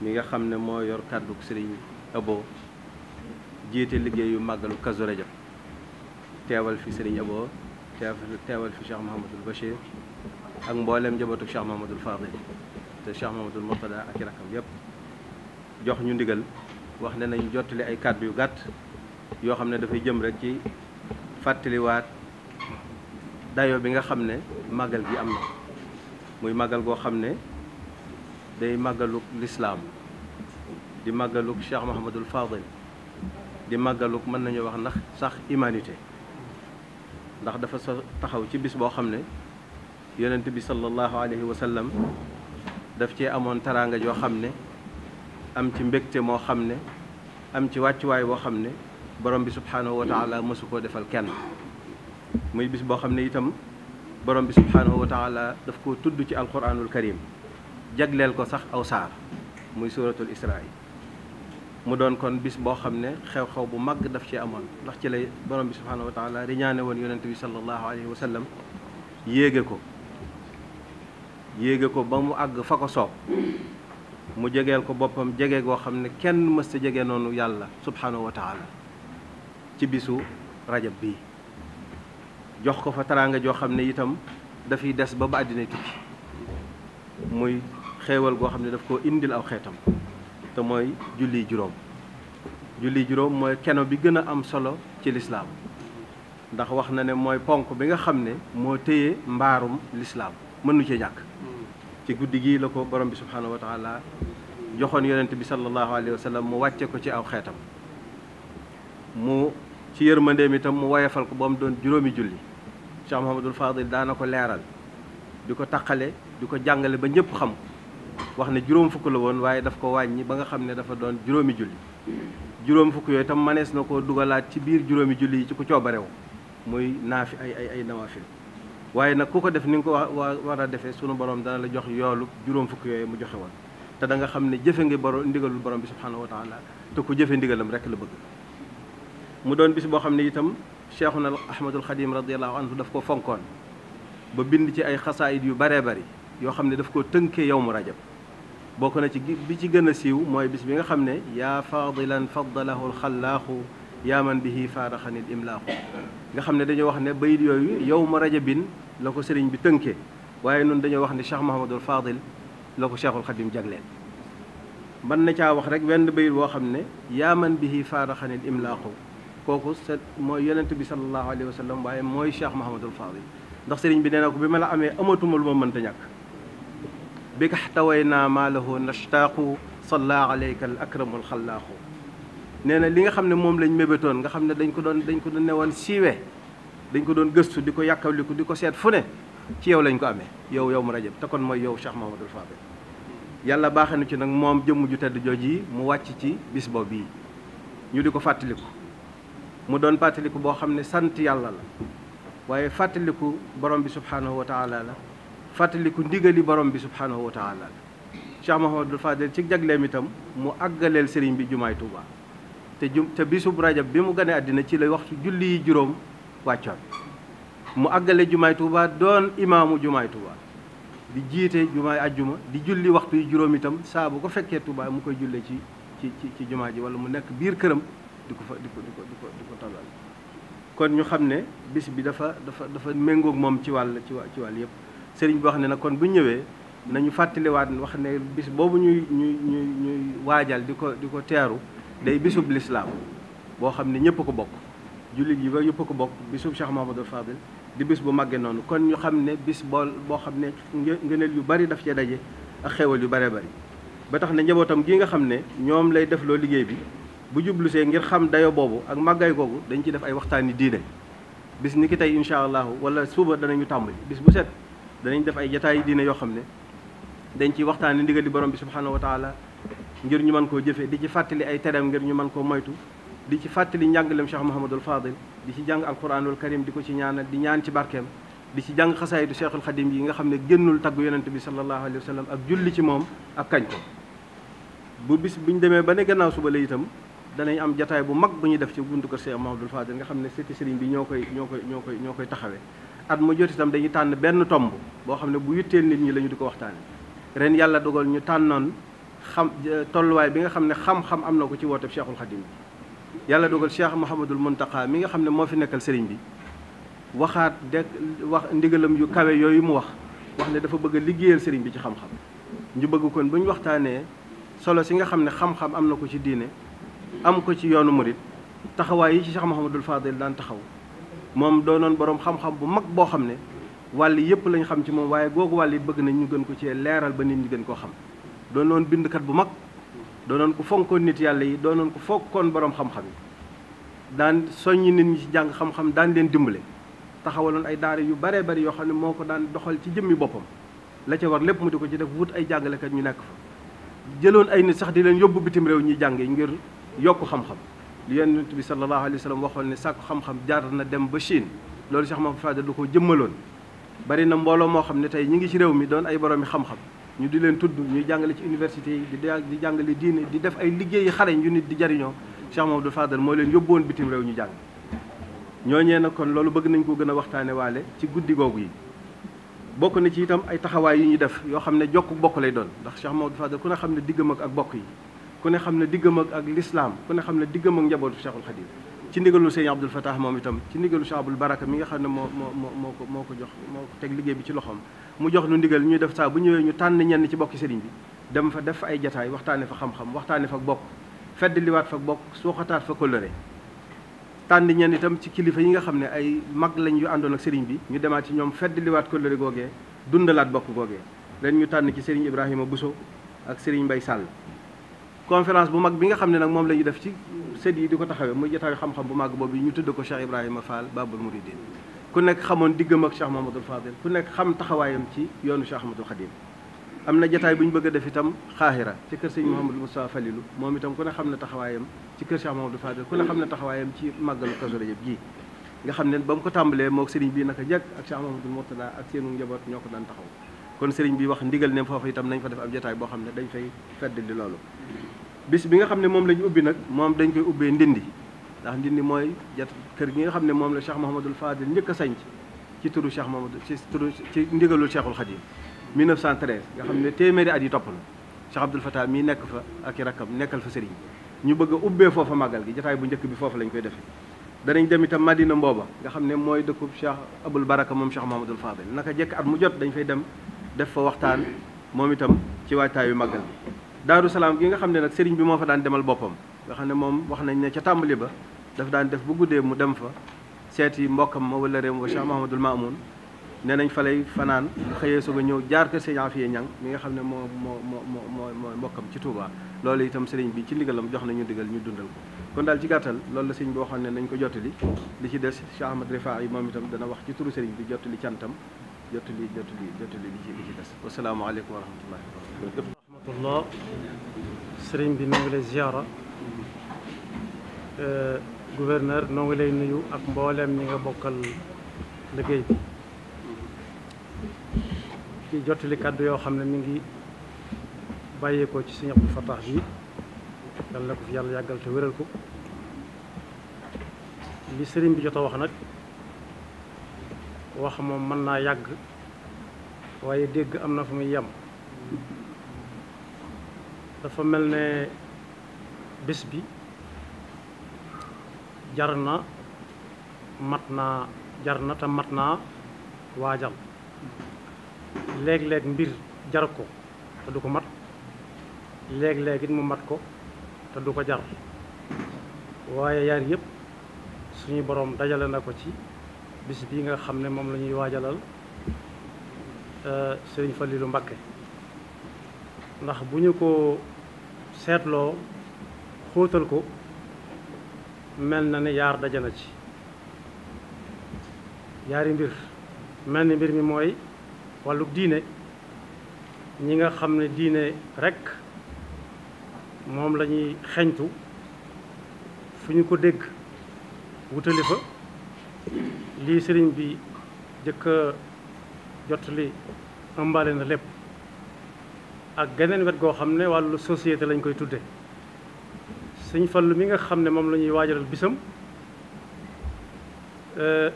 mi nga xam ne moo yor kàddu sëriñ Abo jiite liggéey yu màggalu Kazu Rajab teewal fi sëriñ Abo teewal fi Cheikh Mahamadul Bachir ak mbooleem njabootu Cheikh Mahamadul Fadil te Cheikh Mahamadul Murtada ak i rakkam yépp jox ñu ndigal wax ne nañ jottali ay kàddu yu gàtt yoo xam ne dafay jëm rek ci fàttaliwaat dayo bi nga xam ne màggal bi am na muy màggal goo xam ne day màggalug lislaam di màggalug Cheikh Mahamadul Fadil di màggalug mën nañu wax ndax sax humanité ndax dafa sa taxaw ci bis boo xam ne yonent bi sallallahu alayhi wa sallam daf cee amoon taraanga joo xam ne am ci mbégte moo xam ne am ci wàccuwaay boo xam ne borom bi subhaanahu wa taala mësu koo defal kenn muy bis boo xam ne itam borom bi subhaanahu wa taala daf koo tudd ci alquranul karim jagleel ko sax aw saar muy suuratul israa mu doon kon bis boo xam ne xew-xew bu mag daf ci amoon ndax ci lay borom bi subhaanahu wa taala riñaane woon yonent bi sallallahu alayhi wa sallam yéege ko yéege ko ba mu àgg fa ko soob mu jegeel ko boppam jege goo xam ne kenn mës ta jege noonu yàlla subhaanahu wa taala ci bisu rajab bi jox ko fa taraanga joo xam ne itam dafiy des ba ba àddina tukki muy xeewal goo xam ne daf koo indil aw xeetam te mooy julli juróom julli juróom mooy keno bi gën a am solo ci lislaam ndax wax na ne mooy ponk bi nga xam ne moo téye mbaarum lislaam mënu ci ñàkk ci guddi gii la ko borom bi subhaanahu wa joxoon yonent bi sallallahu alayhi wa sallam mu wàcce ko ci aw xeetam mu ci yërmandeem itam mu woyefal ko ba mu doon juróomi julli Cheikh Mouhamadul Fadil daana ko leeral di ko taqale di ko jàngale ba ñëpp xam wax ne juróom fukk la woon waaye daf ko wàññi ba nga xam ne dafa doon juróomi julli juróom fukk yooyu tam manees na koo dugalaat ci biir juróomi julli yi ci ku coobarew muy naafi ay ay ay nawaafil waaye nag ku ko def ni nga ko wa war a defee sunu borom dana la jox yoolu juróom fukk yooyu mu joxe woon te da nga xam ne jëfe nga borom ndigalul borom bi subhaanahu wa taala te ku jëfe ndigalam rek la bëgg mu doon bis boo xam ne itam cheikhuna ahmadul xadim radiallahu anhu daf ko fonkoon ba bind ci ay xasaayid yu baree bari yoo xam ne daf ko tënkee yow mu rajab bokk na ci bi ci gën a siiw mooy bis bi nga xam ne yaa faadilan faddalahu alxallaaxu yaa man bihi faaraxanil imlaaxu nga xam ne dañoo wax ne bayit yooyu yow ma rajabin la ko sëriñ bi tënkee waaye noonu dañoo wax ne Cheikh Mahamadul Fadil la ko Cheikhul Xadim jagleel mën na caa wax rek wenn bayit boo xam ne yaa man bihi faaraxanil imlaaxu kooku sa mooy yonent bi sallallahu alayhi wa sallam mooy Cheikh Mahamadul Fadil ndax sëriñ bi nee na ko bi ma la amee amatuma lu ma mënta ñàkk bi kax taway naa maalahu nashtaaku salla alayka al akramul xallaaku nee na li nga xam ne moom lañ mébétoon nga xam ne dañ ko doon dañ ko doon woon siiwe dañ ko doon gëstu di ko yàkkaliku di ko seet fu ne ci yow lañ ko amee yow yow mu rajab te kon mooy yow Cheikh Mahamadul Fadel yàlla baaxe na ci nag moom jëmm ju tedd jooj yi mu wàcc ci bis boobu yi ñu di ko fàttaliku mu doon fàttaliku boo xam ne sant yàlla la waaye fàttaliku borom bi subhaanahu wa la fàttaliku ndigali borom bi subhanahu wa taala Cheikh Mahamadul Fadel ci jagleem itam mu àggaleel sëriñ bi jumaay Touba te ju te bisub rajab bi mu àddina ci la waxtu julli juróom wàccoon mu àggale jumaay Touba doon imaamu jumaay Touba di jiite jumaay ajjuma di julli waxtu yi juróom itam saa ko fekkee Touba mu koy julle ci ci ci jumaa ji wala mu nekk biir këram di ko fa di ko di ko di ko di kon ñu xam ne bis bi dafa dafa dafa méngoog moom ci wàll ci wàll yëpp sëriñ bi wax ne na kon bu ñëwee nañu fàttaliwaat wax ne bis boobu ñuy ñuy ñuy ñuy waajal di ko di ko teeru day bisub lislaam boo xam ne ñëpp ko bokk jullit yi ba ñëpp ko bokk bisub Cheikh Mahamadou Fadil di bis bu màggee noonu kon ñu xam ne bis bool boo xam ne nge ngëneel yu bari daf cee daje ak xewal yu baree bari ba tax na njabootam gi nga xam ne ñoom lay def loo liggéey bi bu jublusee ngir xam dayo boobu ak màggaay googu dañ ci def ay waxtaani diine bis ni ki tey incha allahu wala suba danañu tàmbali bis bu set danañ def ay jataay diine yoo xam ne dañ ci waxtaane ndigal di borom bi subhanahu wa taala ngir ñu mën koo jëfee di ci fàttali ay tereem ngir ñu mën koo moytu di ci fàttali njàng njàngalem Cheikh Mouhamadul Fadil di ci jàng alquranul karim di ko ci ñaanal di ñaan ci barkeem di ci jàng xasaayidu Cheikhul Xadim yi nga xam ne génnul tagg yonent bi sallallahu alayhi wa sallam ak julli ci moom ak kañ ko bu bis ñu demee ba ne gannaaw suba la itam danañ am jataay bu mag bu ñuy def ci buntu kër Cheikh Mouhamadul Fadil nga xam ne seeti sëriñ bi ñoo koy ñoo koy ñoo koy ñoo koy taxawee at mu jot itam dañuy tànn benn tomb boo xam ne bu yitteel nit ñi lañu di ko waxtaane ren yàlla dogal ñu tànnoon xam eh, tolluwaay bi nga xam ne xam-xam am na ko ci wooteeb Cheikhul yàlla dogal Cheikh Mouhamadul Mountakha mi nga xam ne moo fi nekkal sëriñ bi waxaat de wax ndigalam yu kawe yooyu mu wax wax ne dafa bëgg a liggéeyal sëriñ bi ci xam ñu bëgg kon bu waxtaanee solo si nga xam ne xam am na ko ci diine am ko ci yoonu murit taxawaay yi ci Cheikh Mouhamadul Fadil daan taxaw moom doonoon boroom xam-xam bu mag boo xam ne wàll yëpp lañ xam ci moom waaye googu wàll yi bëgg nañu gën ko cee leeral ba nit ñi gën koo xam doonoon bindkat bu mag doonoon ku fonkoon nit yàlla yi doonoon ku fonkoon boroom xam-xam yi daan soññi nit ñi ci jàng xam-xam daan leen dimbale taxawaloon ay daara yu baree bari yoo xam ne moo ko daan doxal ci jëmmi boppam la ca war lépp mu di ko ci def wut ay jàngalekat ñu nekk fa jëloon ay nit sax di leen yóbbu bitim réew ñuy jàngee ngir yokk xam li yonent bi sallallahu alayhi wa sallam waxoon ne sàkku xam-xam jaar na dem ba Chine loolu Cheikh Mouhamadou Fadel du ko jëmmaloon bari na mbooloo moo xam ne tey ñi ngi ci réew mi doon ay boroomi xam-xam ñu di leen tudd ñuy jàngale ci université yi di jàngale diine di def ay liggéeyi xarañ yu nit di jariñoo Cheikh Mouhamadou Fadel moo leen yóbbuwoon bitim réew ñu jàng ñooñee na kon loolu bëgg nañ ko gën a waxtaane waale ci guddi googu yi bokk na ci itam ay taxawaay yu ñu def yoo xam ne jokk bokk doon ndax Cheikh Mouhamadou Fadel ku ne xam ne diggam ak bokk yi ku ne xam ne diggam ak ak lislaam ku ne xam ne diggam ak njabootu Cheikhul Khadim ci ndigalu sëñ Abdul Fatah moom itam ci ndigalu Cheikh Abdul Baraka mi nga xam ne moo moo moo ko moo ko jox moo teg liggéey bi ci loxoom mu jox nu ndigal ñuy def saa bu ñëwee ñu tànn ñenn ci bokki sëriñ bi dem fa def ay jataay waxtaane fa xam-xam waxtaane fa bokk fedd liwaat fa bokk suuxataat fa kolëre tànn ñenn itam ci kilifa yi nga xam ne ay mag lañuy àndoon ak sëriñ bi ñu demaat ci ñoom fedd liwaat kolëre dundalaat bokk googee leen ñu tànn ci sëriñ Ibrahima Bousso ak sëriñ Mbay Sàll conférence bu mag bi nga xam ne nag moom la def ci sët yi di ko taxawee muy jotaayu xam-xam bu mag boobu ñu tudd ko Cheikh Ibrahima Fall Babul Mouridine ku nekk xamoon diggam ak Cheikh Mamadou Fadil ku nekk xam taxawaayam ci yoonu Cheikh Ahmadou am na jotaay bu ñu bëgg def itam xaaxira ci kër sëñ Mouhamadou Moustapha Falilou moom itam ku ne xam ne taxawaayam ci kër Cheikh Mamadou Fadil ku ne taxawaayam ci màggalu Kazu Rajab gi nga xam ne ba mu ko tàmbalee moo sëriñ bi naka jëkk ak Cheikh Mamadou Mourtada ak seenu njaboot ñoo ko daan taxaw kon sëriñ bi wax ndigal ne foofu itam nañ fa def ab jotaay boo xam ne dañ fay fedd di loolu bis bi nga xam ne moom la ñu ubbi nag moom dañ koy ubbee ndindi ndax ndindi mooy jat kër gi nga xam ne moom la Cheikh Mouhamadul Fadil njëkk a sanc ci turu Cheikh Mouhamadul ci turu ci ndigalul Cheikhul Khadim 1913 nga xam ne téeméeri at yi topp na Cheikh Abdoul Fatah mii nekk fa ak i rakkam nekkal fa sëriñ ñu bëgg a ubbee foofa màggal gi jotaay bu njëkk bi foofu lañ koy defee danañ dem itam Madina Mbooba nga xam ne mooy dëkkub Cheikh Abul Baraka moom Cheikh Mouhamadul Fadil naka jekk at mu jot dañ fay dem def fa waxtaan moom itam ci waajtaayu màggal bi daaru salaam gi nga xam ne nag sëriñ bi moo fa daan demal boppam nga xam ne moom wax nañ ne ca tàmbali ba daf daan def bu guddee mu dem fa seeti mbokkam ma wala réew wa Cheikh Mahamadul Maamoun nee nañ fa lay fanaan bu xëyee soog a ñëw jaar ko sëriñ Afiye mi nga xam ne moo moo moo moo mooy mbokkam ci Touba loolu itam sëriñ bi ci ndigalam jox nañu digal ñu dundal ko kon daal ci gàttal loolu la sëriñ boo xam ne nañ ko jottali li ci des Cheikh Ahmad Rifa yi moom itam dana wax ci turu sëriñ bi jottali cantam jottali jottali jottali li ci li ci des wasalaamaaleykum wa rahmatullah sëriñ bi noo ngi lay ziara euh, gouverneur noo ngi lay nuyu ak mbooleem ñi nga bokkal liggéey bi ci jottali kàddu yoo xam ne mi ngi bàyyeekoo ci si Abdou Fatah bi yàlla ko fi yàlla yàggal te wéral ko li sëriñ bi jot a wax nag wax moom mën naa yàgg waaye dégg am na fu muy yem dafa mel ne bés bi jar na mat naa jar na te mat naa waajal léeg-léeg mbir jar ko te du ko mat léeg-léeg mu mat ko te du ko jar waaye yaar yëpp suñu boroom dajale na ko ci bis bi nga xam ne moom la ñuy waajalal eh, Sëriñ Faliilu Mbakke ndax bu ñu ko seetloo xóotal ko mel na ne yaar daje na ci yaari mbir mel ni mbir mi mooy wàllu diine ñi nga xam ne diine rekk moom la ñuy xeñtu fu ñu ko dégg wutali fa lii sëriñ bi jëkk a jot li ëmbale na lépp ak geneen wet goo xam ne wàllu société lañu koy tudde sëñ Fallu mi nga xam ne moom la ñuy waajalal bisam e,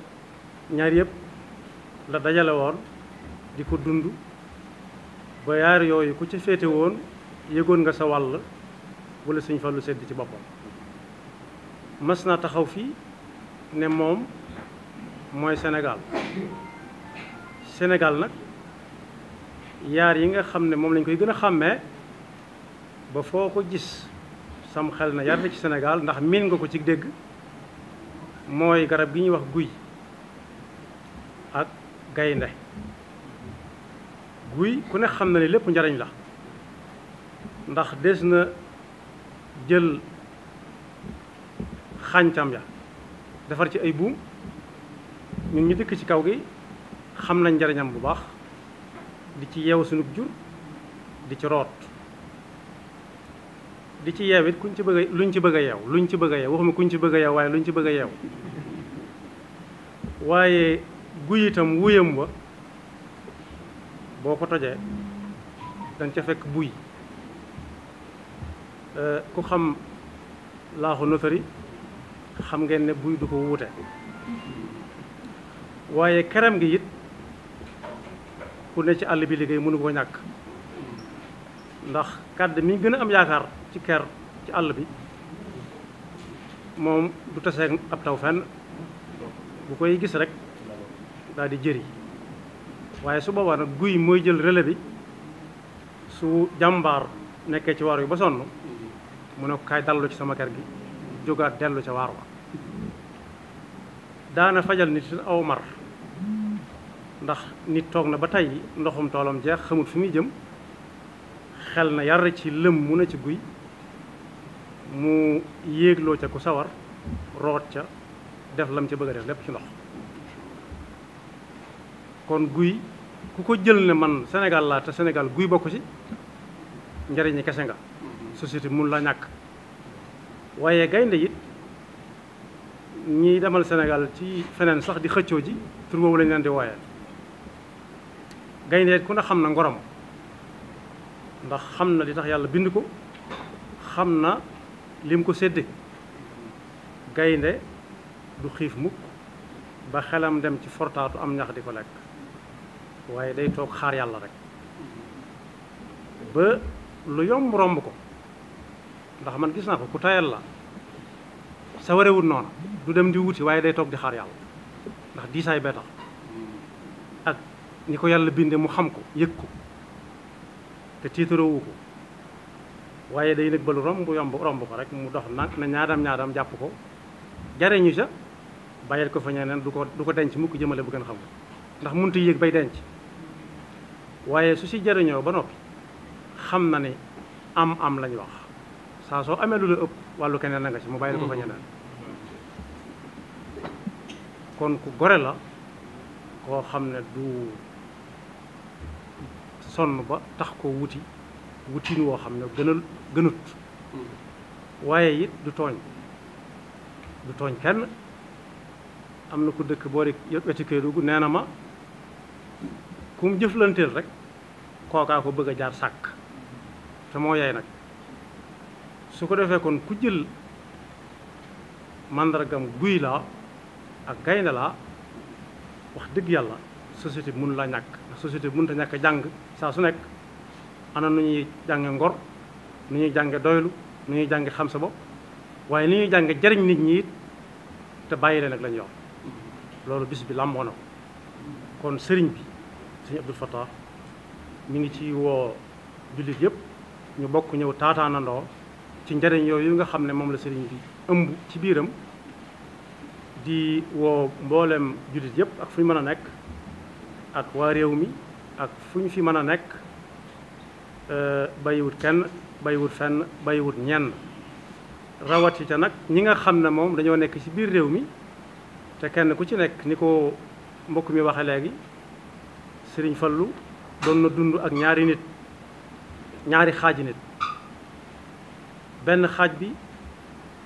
ñaar yëpp la dajale woon di ko dund ba yaar yooyu ku ci féete woon yëgoon nga sa wàll wala sëñ Fallu sedd ci boppam mas naa taxaw fii ne moom mooy Sénégal Sénégal nag yaar yi nga xam ne moom lañ koy gën a xàmmee ba foo ko gis sam xel na yar na ci senegal ndax miin nga ko ci dégg mooy garab gi ñuy wax guy ak gaynde guy ku ne xam na ne lépp njariñ la ndax des na jël xàncam ya defar ci ay buum ñun ñu dëkk ci kaw gi xam nañ njariñam bu baax di ci yeewu sunub jur di ci root di ci yeew it kuñ ci bëgg a luñ ci bëgg a yeew luñ ci bëgg a yeew waxuma kuñ ci bëgg a yeew waaye ci bëgg a waaye guy itam wuyam wa boo ko tojee dañ ca fekk buy ku xam laaxu notari xam ngeen ne buy du ko wuute waaye kerem gi it ku ne ci àll bi liggéey mënu koo ñàkk ndax kàdd mi gën a am yaakaar ci ker ci àll bi moom du taseeg ab taw fenn bu koy gis rek daal di jëri waaye su boobaa nag guy mooy jël relais bi su jàmbaar nekkee ci waar yu ba sonn mu ne ko kaay dallu ci sama ker gi jógaat dellu ca waar wa daana fajal nit aw mar ndax nit toog na ba tey ndoxum toolam jeex xamul fi muy jëm xel na yar ci lëm mu na ci guy mu yéegloo ca ku sawar root ca def lam ca bëgg a def lépp ci ndox kon guy ku ko jël ne man Sénégal laa te Sénégal guy bokk ci njariñi kese nga société mun la ñàkk waaye gaynde it ñiy demal Sénégal ci feneen sax di xëccoo ji tur boobu lañ leen di wooyee gaynde ku ne xam na ngorom ndax xam na li tax yàlla bind ko xam na lim ko sedd gaynde du xiif mukk ba xelam dem ci fortaatu am ñax di ko lekk waaye day toog xaar yàlla rek ba lu yomb romb ko ndax man gis naa ko ku tayal la sa warewut noonu du dem di wuti waaye day toog di xaar yàlla ndax diisaay bee tax ni ko yàlla binde mu xam ko yëg ko te tiitarowu ko waaye day nag balu romb yomb romb ko rek mu dox nag na ñaadam ñaadam jàpp ko jariñu sa bàyyil ko fa ñeneen du ko du ko denc mukk jëmale bu gën ndax mënut a yéeg bay denc waaye su si jariñoo ba noppi xam na ne am am lañ wax saa soo amee lu la ëpp wàllu keneen na nga si mu bàyyil ko fa mm-hmm. ñeneen kon ku gore la koo xam ne du sonn ba tax ko wuti wutin woo xam ne gënal gënut waaye it du tooñ du tooñ kenn am na ko dëkk boori weti Kédougou nee na ma ku mu jëflanteel rek kookaa ko bëgg a jaar sàkk te moo yaay nag su ko defee kon ku jël màndargam guy laa ak gaynde laa wax dëgg yàlla société bi mënu la ñàkk ndax société bi mënut a ñàkk jàng saa su nekk ana nu ñuy jànge ngor nu ñuy jànge doylu nu ñuy jànge xam sa bopp waaye ni ñuy jànge jariñ nit ñi it te bàyyi leen ak lañu yor loolu bis bi làmboo ko kon sëriñ bi sëriñ Abdou Fatah mi ngi ci woo jullit yëpp ñu bokk ñëw taataanandoo ci njariñ yooyu nga xam ne moom la sëriñ bi ëmb ci biiram di woo mboolem jullit yëpp ak fu ñu mën a nekk ak waa réew mi ak fu ñu fi mën a nekk euh, bàyyiwut kenn bàyyiwut fenn bàyyiwut ñenn rawati ca nag ñi nga xam ne moom dañoo nekk ci biir réew mi te kenn ku ci nekk ni ko mbokk mi waxe léegi Sëriñ Fallu doon na dund ak ñaari nit ñaari xaaji nit benn xaaj bi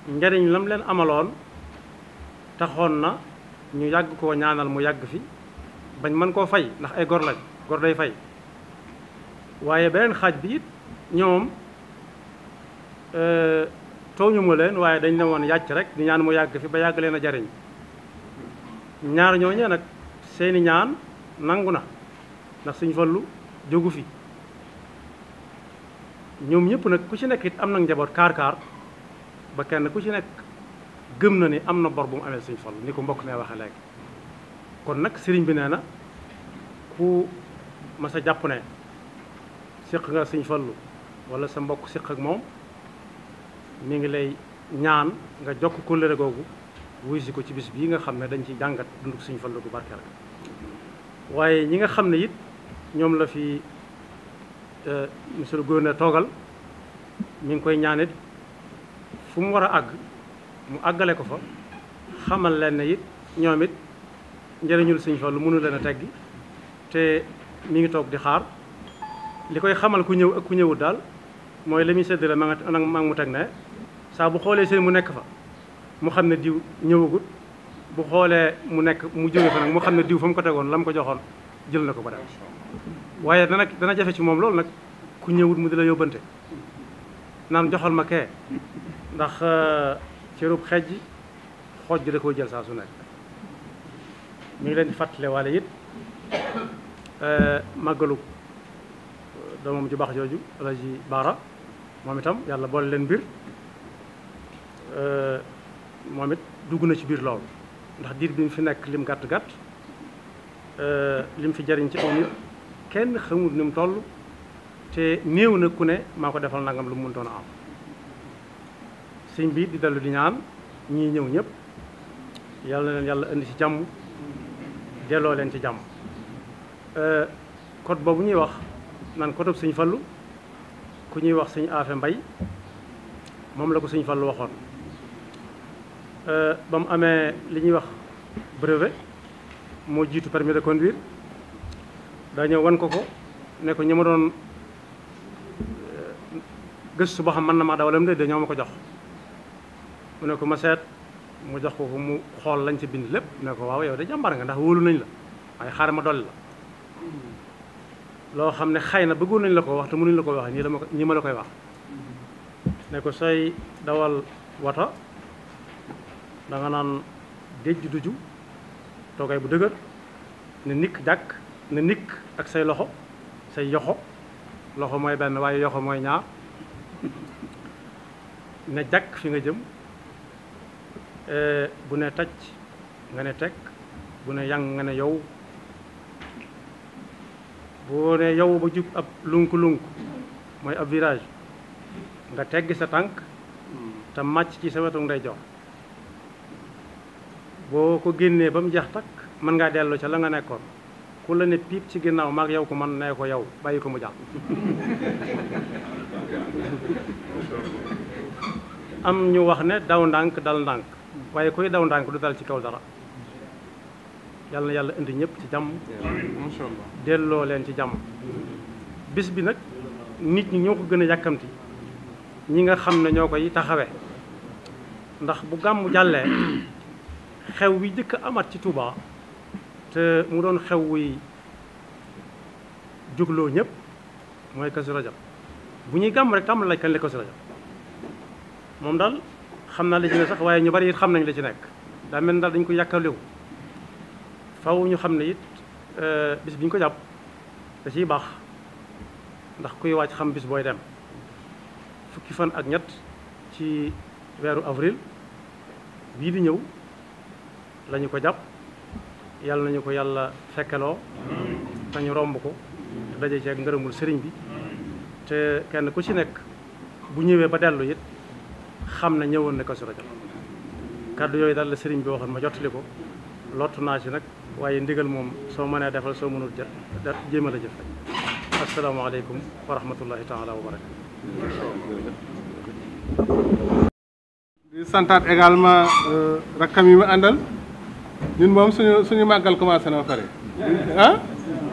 njariñ lam leen amaloon taxoon na ñu yàgg koo ñaanal mu yàgg fi bañ mën koo fay ndax ay gor lañ gor day fay waaye beneen xaaj bi it ñoom euh, tooñu ma leen waaye dañ ne woon yàcc rek di ñaan mu yàgg fi ba yàgg leen a jariñ ñaar ñooñee nag seeni ñaan nangu na ndax suñ fallu jógu fi ñoom ñëpp nag ku ci nekk it am na njaboot kaar-kaar ba kenn ku ci nekk gëm na ni am na bor bu mu amee suñ fallu ni ko mbokk mee waxe léegi kon nag sëriñ bi nee na ku mas a jàpp ne séq nga sëñ fallu wala sa mbokk séq ak moom mu ngi lay ñaan nga jokk kóllëre googu wuy si ko ci bis bii nga xam ne dañ ci jàngat dunduk sëñ fallu gu barkeel waaye ñi nga xam ne it ñoom la fi e, monsieur le gouverneur toogal mi ngi koy ñaanit fu mu war a àgg mu àggale ko fa xamal leen ne it ñoom it njëriñul sëñ fallu mënu leen a teggi te mi ngi toog di xaar li koy xamal ku ñëw ak ku ñëwut daal mooy la muy séddale ma nga ma mu teg ne saa bu xoolee seen mu nekk fa mu xam ne diw ñëwagut bu xoolee mu nekk mu jóge fa nag mu xam ne diw fa mu ko tegoon la mu ko joxoon jël na ko ba dem waaye dana dana jafe ci moom loolu nag ku ñëwut mu di la yóbbante naan joxal ma kee ndax euh, cërub xejj xoj da koo jël saa su nekk mi ngi leen di waalo yit Euh, màggalu doomam ju baax jooju El Hadj Baara moom itam yàlla boole leen mbir euh, moom it dugg na ci biir loolu ndax diir bi mu fi nekk lim gàtt gàtt euh, lim fi jariñ ci aw nit kenn xamul ni mu toll te néew na ku ne maa ko defal nangam lu mu mëntoon a am sëñ bi di dellu di ñaan ñii ñëw ñëpp yàlla leen yàlla indi ci jàmm delloo leen ci jàmm. Euh, code boobu ñuy wax naan code suñu fallu ku ñuy wax suñu aafe mbay moom la ko suñu fallu waxoon euh, ba mu amee li ñuy wax brevet moo jiitu permis de conduire daa ñëw wan ko ko ne ko ñi ma doon euh, gëstu ba xam man na maa dawalam de dañoo ma ko jox mu ne ko ma seet mu jox ko ko mu xool lañ ci bind lépp ne ko waaw yow de jàmbaar nga ndax wóolu nañ la waaye xaaral ma dolli la loo xam ne xëy na bëggoon nañ la ko wax te mënuñ la ko wax ñi dama ñi ma la koy wax ne ko sooy dawal wata da nga naan du duju toogaay bu dëgër ne nikk jàkk ne nikk ak say loxo say yoxo loxo mooy benn waaye yoxo mooy ñaar ne jàkk fi nga jëm eh, bu ne taj nga ne tekk bu ne yang nga ne yow boo ne yow ba jub ab lunk-lunk mooy ab virage nga tegg sa tànk te màcc ci sa wetu ndeyjoor boo ko génnee ba mu jeex takk mën ngaa dellu ca la nga nekkoon ku la ne piip ci ginnaaw maag yow ko man nee ko yow bàyyi ko mu jàll am ñu wax ne daw ndànk dal ndànk waaye kuy daw ndànk du dal ci kaw dara yàlla yàlla indi ñëpp ci jàmm delloo leen ci jàmm bis bi nag nit ñi ñoo ko gën a yàkkamti ñi nga xam ne ñoo koy taxawe ndax bu gàmm jàllee xew wi jëkk amat ci Touba te mu doon xew wuy jugloo ñëpp mooy Kazu Rajab bu ñuy gàmm rek tàmbali lañ kañ la Kazu Rajab moom daal xam naa li ci ne sax waaye ñu bari it xam nañ la ci nekk daa mel daal dañ ko yàkkalewu faw ñu xam ne it euh, bis biñ ko jàpp da ciy baax ndax kuy wàcc xam bis booy dem fukki fan ak ñett ci weeru avril bii di ñëw la ko jàpp yàlla nañu ko yàlla fekkeloo te romb ko te daje ceeg ngërëmul sëriñ bi te kenn ku ci nekk bu ñëwee ba dellu it xam ne ñëwoon na Kazu Rajab kàddu yooyu daal la sëriñ bi waxoon ma jottali ko lottu naa ci nag waaye ndigal moom soo mënee defal soo mënul jëf jéemal a jëf rek asalaamaaleykum wa rahmatullahi taala wa barakatu di santaat également euh, rakkam yi ma àndal ñun moom suñu suñu màggal commencé na pare ah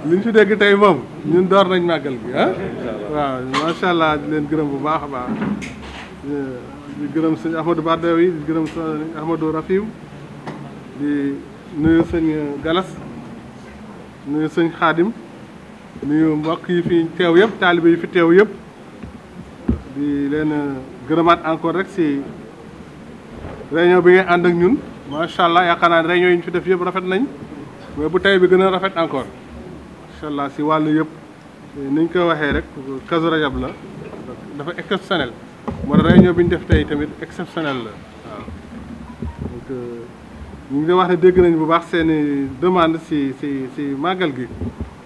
li ñu dégg tey moom ñun door nañ màggal bi ah waaw macha allah leen gërëm bu baax a baax di gërëm suñu Ahmadou Bardawi di gërëm suñu Ahmadou Rafiw nuyu sëñ Galas nuyu sëñ Xaadim nuyu mbokk yi fi teew yëpp taalibe yi fi teew yëpp di leen gërëmaat encore rek si réunion bi ngay ànd ak ñun macha allah yaakaar naa réunion yi ñu fi def yëpp rafet nañ mais bu tey bi gën rafet encore macha allah si wàll yëpp ni ñu ko waxee rek Kazu Rajab la dafa exceptionnel moo réunion bi ñu def tey tamit exceptionnel la waaw euh, ñu ngi wax ne dégg nañu bu baax seen i demande si si si màggal gi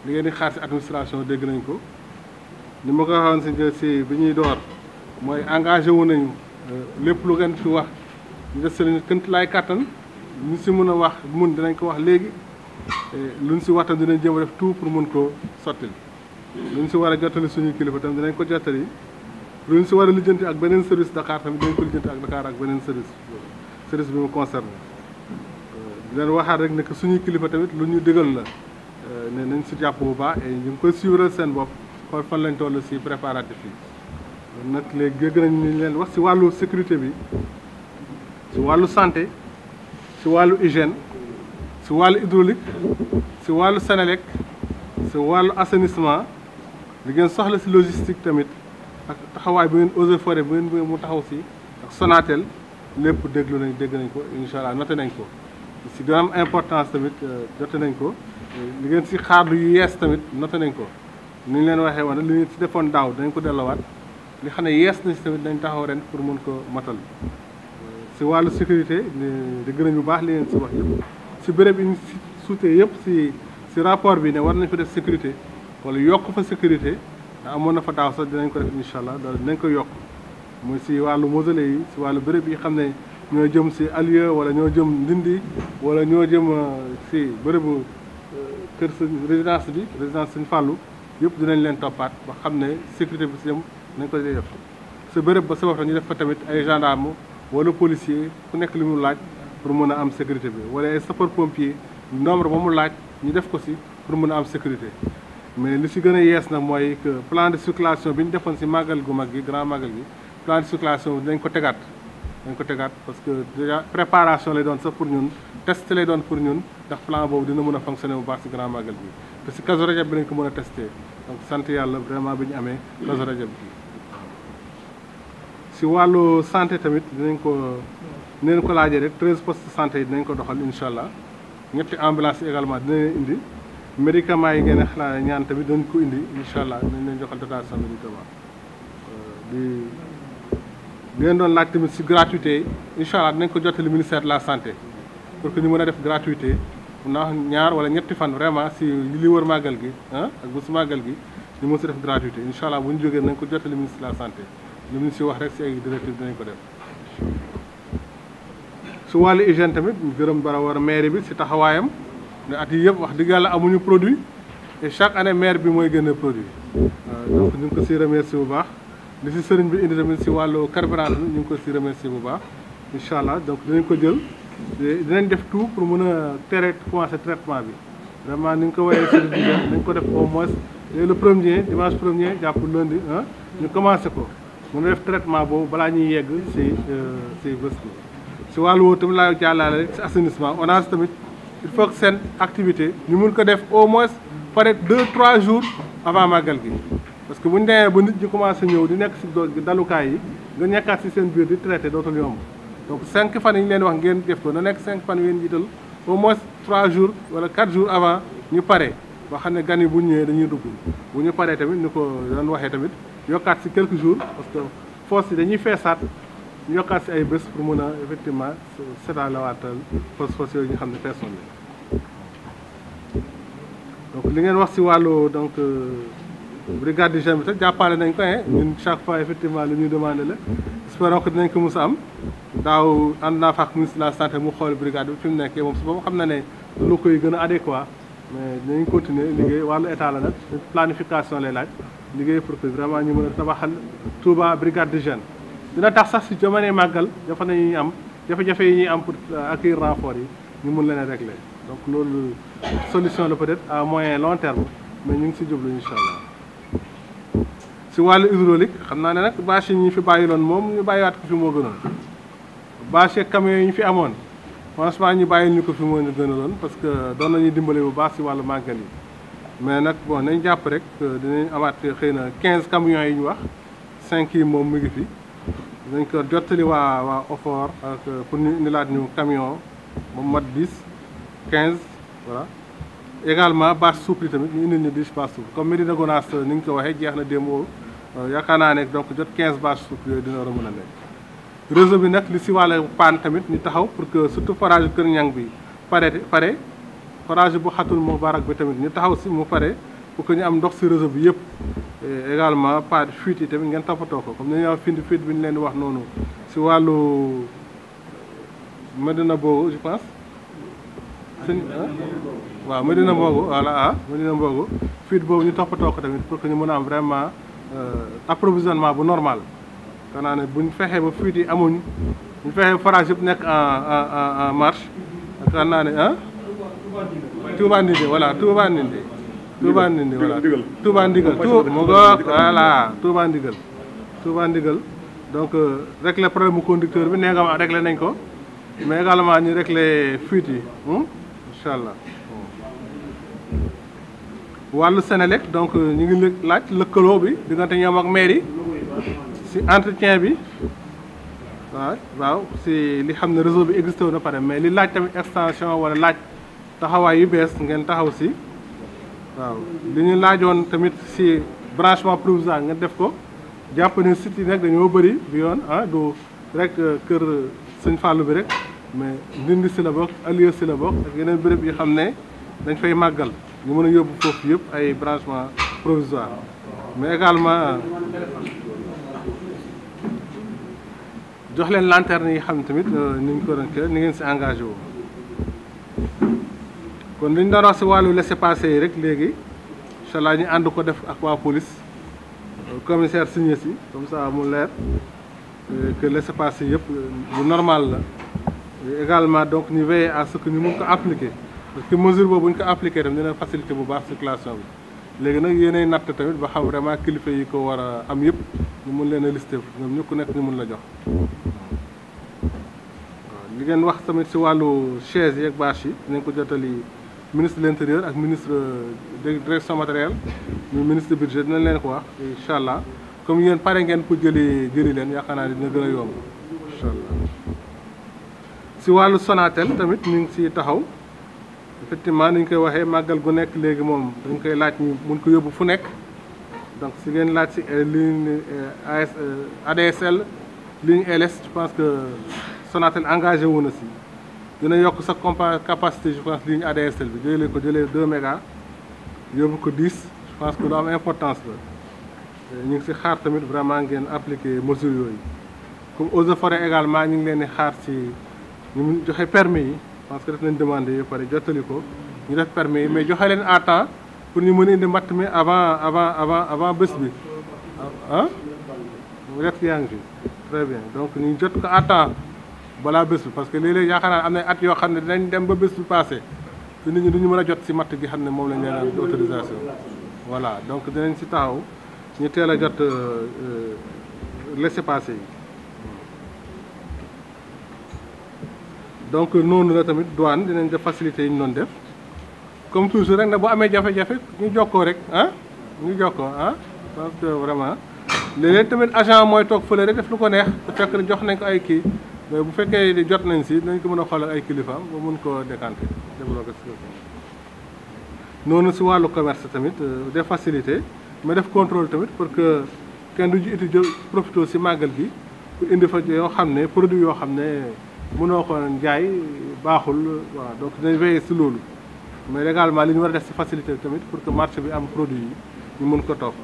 li ngeen di xaar si administration dégg nañ ko ni ma ko waxoon si si ñuy door mooy engagé wu nañu euh, lépp lu ngeen fi wax ñu def seen kënt laay kàttan ñu si mën a wax mun dinañ ko wax léegi euh, luñ si waxtaan dinañ jéem a def tout pour mun ko lu luñ si war a jottali suñuy kilifa tam dinañ ko jottali luñ si war a lijjanti ak beneen service Dakar tamit dinañ ko lijjanti ak Dakar ak beneen service service bi mu concerné di leen waxaat rek ne que suñuy kilifa tamit lu ñu digal la euh, ne nañ si jàpp bu baax et ñu koy suivre seen bopp xool fan lañ toll si préparatif yi kon nag léegi dégg nañ leen wax si wàllu sécurité bi si wàllu santé si wàllu hygiène si wàllu hydraulique si wàllu Sénélec si wàllu assainissement li ngeen soxla si logistique tamit ak taxawaay bu ngeen eaux et forêt bu ngeen mu taxaw si ak Sonatel lépp déglu nañ dégg nañ ko incha allah noté nañ ko. si gën am importance tamit euh, jote nañ ko li ngeen si xaar yu yees tamit noté nañ ko ni ñu leen waxee woon li ngeen si defoon daaw dañ ko dellowaat li xam ne yees na si tamit dañ taxaw ren pour mën ko matal si wàllu sécurité di gën bu baax li ngeen si wax yëpp si béréb yi si suutee yëpp si si rapport bi ne war nañ fa def sécurité wala yokk fa sécurité amoon na fa daaw sax dinañ ko def incha allah dinañ ko yokk mooy si wàllu mausolée yi si wàllu béréb yi xam ne ñoo jëm si Alieu wala ñoo jëm Ndindi wala ñoo jëm euh, si bërëbu euh, kër sëñ résidence bi résidence sëñ fàllu yëpp dinañ leen toppaat ba xam ne sécurité bi si yëm nañ ko def sa bërëb ba sabab ñu def fa tamit ay gendarme wala policier ku nekk li mu laaj pour mën a am sécurité bi wala ay sapeur pompier nombre ba mu laaj ñu def ko si pour mën a am sécurité mais li si gën a yees na mooy que plan de circulation bi ñu defoon si màggal gu mag gi grand màggal gi plan de circulation ko tegaat dañ ko tegaat parce que préparation lay doon sax pour ñun test lay doon pour ñun ndax plan boobu dina mën a fonctionner bu baax si grand magal bi te si Kazu Rajab bi lañ ko mën a testé donc sant yàlla vraiment bi ñu amee Kazu Rajab bi si wàllu santé tamit dinañ ko dinañ ko laajee rek treize post santé yi dinañ ko doxal incha allah ñetti ambulance yi également dinañ indi médicaments yi ngeen xalaat ñaan tamit dinañ ko indi incha allah dinañ leen joxal dotation médicament euh, di li ngeen doon laaj tamit si gratuité incha allah dinañ ko jottali ministère la santé pour que ñu mën a def gratuité mun naa ñaar wala ñetti fan vraiment si li war màggal gi ah ak bu su màggal gi ñu mën si def gratuité incha allah bu ñu jógee nañ ko jottali ministre de la santé lu ñu si wax rek si ay directive dinañ ko def su wàllu hygiène tamit gërëm bara war maire bi si taxawaayam ne at yi yëpp wax dëgg yàlla amuñu produit et chaque anne maire bi mooy gën a produit donc ko si remercier bu baax li si sëriñ bi indi tamit si wàllu carburant bi ñu ngi ko si remercier bu baax incha allah donc dinañ ko jël dinañ def tout pour mën a tere commencer traitement bi vraiment ni ñu ko wayee sëriñ bi dañ ko def au moins le premier dimanche premier jàpp lundi ah ñu commencé ko mën a def traitement boobu balaa ñuy yegg si euh, si bés bi si wàllu woowu tamit laa jàllaale rek si assainissement ONAS tamit il faut que seen activité ñu mun ko def au moins peut-être deux trois jours avant màggal gi parce que bu ñu demee ba nit ñi commencé ñëw di nekk si dose bi dalukaay yi nga nekkaat si seen biir di traité dootul yomb donc cinq fan yi ñu leen wax ngeen def ko na nekk cinq fan ngeen jiital au moins trois jours wala quatre jours avant ñu pare boo xam ne gan yi bu ñëwee dañuy dugg bu ñu paree tamit ni ko doon waxee tamit yokkaat si quelques jours parce que force yi dañuy feesaat ñu yokkaat si ay bés pour mën a effectivement seetaalawaatal force force yooyu ñu xam ne feesoon na li ngeen wax si wàllu donc. Euh, brigade du GMS sax jàppale nañ ko hein ñun chaque fois effectivement lu ñuy demandé la espérons que dinañ ko mos a am daaw ànd naa faak ministre de la santé mu xool brigade bi fi mu nekkee moom su boobu xam na ne lu koy gën a adéquat mais dinañ continuer liggéey wàllu état la nag planification lay laaj liggéey pour que vraiment ñu mën a tabaxal Touba brigade de jeunes dina tax sax si jamonoy màggal jafe na ñuy am jafe-jafe yi ñuy am pour accueillir renfort yi ñu mun leen a régler donc loolu solution la peut-être à moyen long ñu ngi si jublu incha si wàllu hydraulique xam naa ne nag bâche yi ñu fi bàyyi loon moom ñu bàyyiwaat ko fi moo gënoon bâche camion yi ñu fi amoon franchement ñu bàyyil ñu ko fi moo gënoon parce que doon nañu dimbali bu baax si wàllu màggal yi mais nag bon nañ jàpp rek dinañ amaat xëy na 15 camions yi ñu wax cinq yi moom mu ngi fi dañ ko jottali waa waa OFOR euh, pour ñu indilaat ñu camion moom mat 10 15 voilà également bâche souple yi tamit ñu indil ñu 10 bâche ni nga ko waxee jeex na démb yaakaar naa ne donc jot 15 bâche suuf yooyu dina war a mën a nekk réseau bi nag li si wàllu paan tamit ñu taxaw pour que surtout forage Kër Ñang bi pare pare forage bu xatul Mubarak bi tamit ñu taxaw si mu pare pour que ñu am ndox si réseau bi yëpp également pas de fuite yi tamit ngeen toppatoo ko comme ni ñuy wax find fuite bi ñu leen di wax noonu si wàllu Medina boobu je pense sëñ ah? waaw Medina Mbogo voilà ah Medina Mbogo fuite boobu ñu toppatoo ko tamit pour que ñu mën a am vraiment Euh, approvisionnement bu normal xanaa ne buñ fexee ba fuite yi amuñ buñ fexee ba forage yëpp nekk en en marche xam naa ne ah. Touba Ndindi voilà Touba Ndindi. Touba Ndindi voilà Touba Ndigal mu ngoog voilà Touba Ndigal Touba Ndigal donc euh, régler problème mu conducteur bi nee nga ma nañ ko mais également ñu régler fuite yi hmm? incha wàllu Sénélec donc euh, ñu ngi laaj lëkkaloo bi diggante ñoom ak maire yi si entretien bi waaw waaw si li xam ne réseau bi existé wu na pare mais li laaj tamit extension wala laaj taxawaay yu bees ngeen taxaw si waaw li ñu laajoon tamit si branchement provisoire ngeen def ko jàpp ne site dañoo bëri bi yoon ah du rek euh, kër euh, sëñ Fallou bi rek mais ndindi si la bokk Aliou si la bokk ak yeneen béréb yi xam ne dañ fay màggal ñu mën a yóbbu foofu yëpp ay branchement provisoire mais également jox leen lanterne yi xam tamit euh, ni ñu ko ni ngeen si engage wu. kon li ñu doon wax si wàllu laissez-passer yi rek léegi incha allah ñu ànd ko def ak waa police euh, commissaire signé si comme ça mu leer euh, que laissez-passer yëpp lu normal la également donc ñu veiller à ce que ñu mun ko appliquer. parce que mesure boobu bu ñu ko appliqué tam dina facilité bu baax circulation bi léegi nag yéenay natt tamit ba xam vraiment kilifa yi ko war a am yëpp ñu mun leen a listé ñoom ñu ku nekk ñu mun la jox waaw li ngeen wax tamit si wàllu chaise yeeg bâche yi dinañ ko jotali ministre de l' intérieur ak ministre de direction matériel ñu ministre du budget dinañ leen ko wax incha allah comme yéen pare ngeen ko jëli jëli leen yaakaar naa ne dina gën a yomb incha allah si wàllu Sonatel tamit ñu ngi si taxaw effectivement ni ñu koy waxee màggal gu nekk léegi moom dañ koy laaj mun ko yóbbu fu nekk donc si ngeen laaj si euh, ligne euh, AS euh, ADSL ligne LS je pense que Sonatel engagé wu na si dina yokk sa compa capacité je pense ñu ADSL bi jëlee ko jëlee 2 méga yóbbu ko 10 je pense que lu am importance la ñu ngi si xaar tamit vraiment ngeen appliquer mesures yooyu comme eaux et forêts également ñu ngi leen di xaar si ñu joxe permis yi. parce que def nañ demande yi pare jottali ko ñu def permis yi mais joxe leen à pour ñu mën a di matt mi avant avant avant avant bés bi ah mu def donc ñu jot ko à temps balaa bés bi parce que léeg-léeg yaakaar naa am na at yoo xam ne dinañ dem ba bés bi passé te nit ñi duñu mën a jot si matt gi xam ne moom lañ leen am autorisation voilà donc danañ si taxaw ñu teel a jot euh, euh, laissez-passer yi donc noonu la tamit douane dinañ def facilité yi ñu doon def comme toujours rek na bu amee jafe-jafe ñu jokkoo rek ah ñu jokkoo ah donc vraiment léeg-léeg tamit agent mooy toog fële rek def lu ko neex te fekk ne jox nañ ko ay kii bu fekkee jot nañ si nañ ko mën a xoolal ay kilifaam ba mun koo décanté développé noonu si wàllu commerce tamit euh, des facilité ma def contrôle tamit pour que kenn du ji uti jël profité si màggal gi pour indi fa yoo xam ne produit yoo xam ne mënoo ko jaay baaxul waaw donc dañ veiller si loolu mais également li ñu war a def si facilité tamit pour que marché bi am produit yi ñu mun ko topp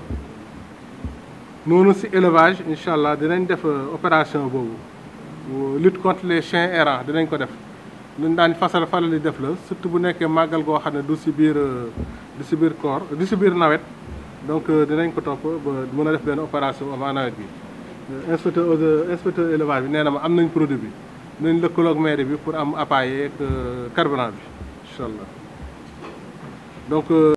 noonu si élevage incha allah dinañ def euh, opération boobu euh, lutte contre les chain errants dinañ ko def luñ daan fasal faral di def la surtout bu nekkee màggal goo xam ne du si biir euh, du si biir koor du si biir nawet donc dinañ ko topp ba mën a def benn opération avant nawet bi inspecteur inspecteur élevage bi nee na ma am nañ produit bi nañ lëkkaloog mairie bi pour am appareil ak euh, carburant bi incha allah donc. Euh,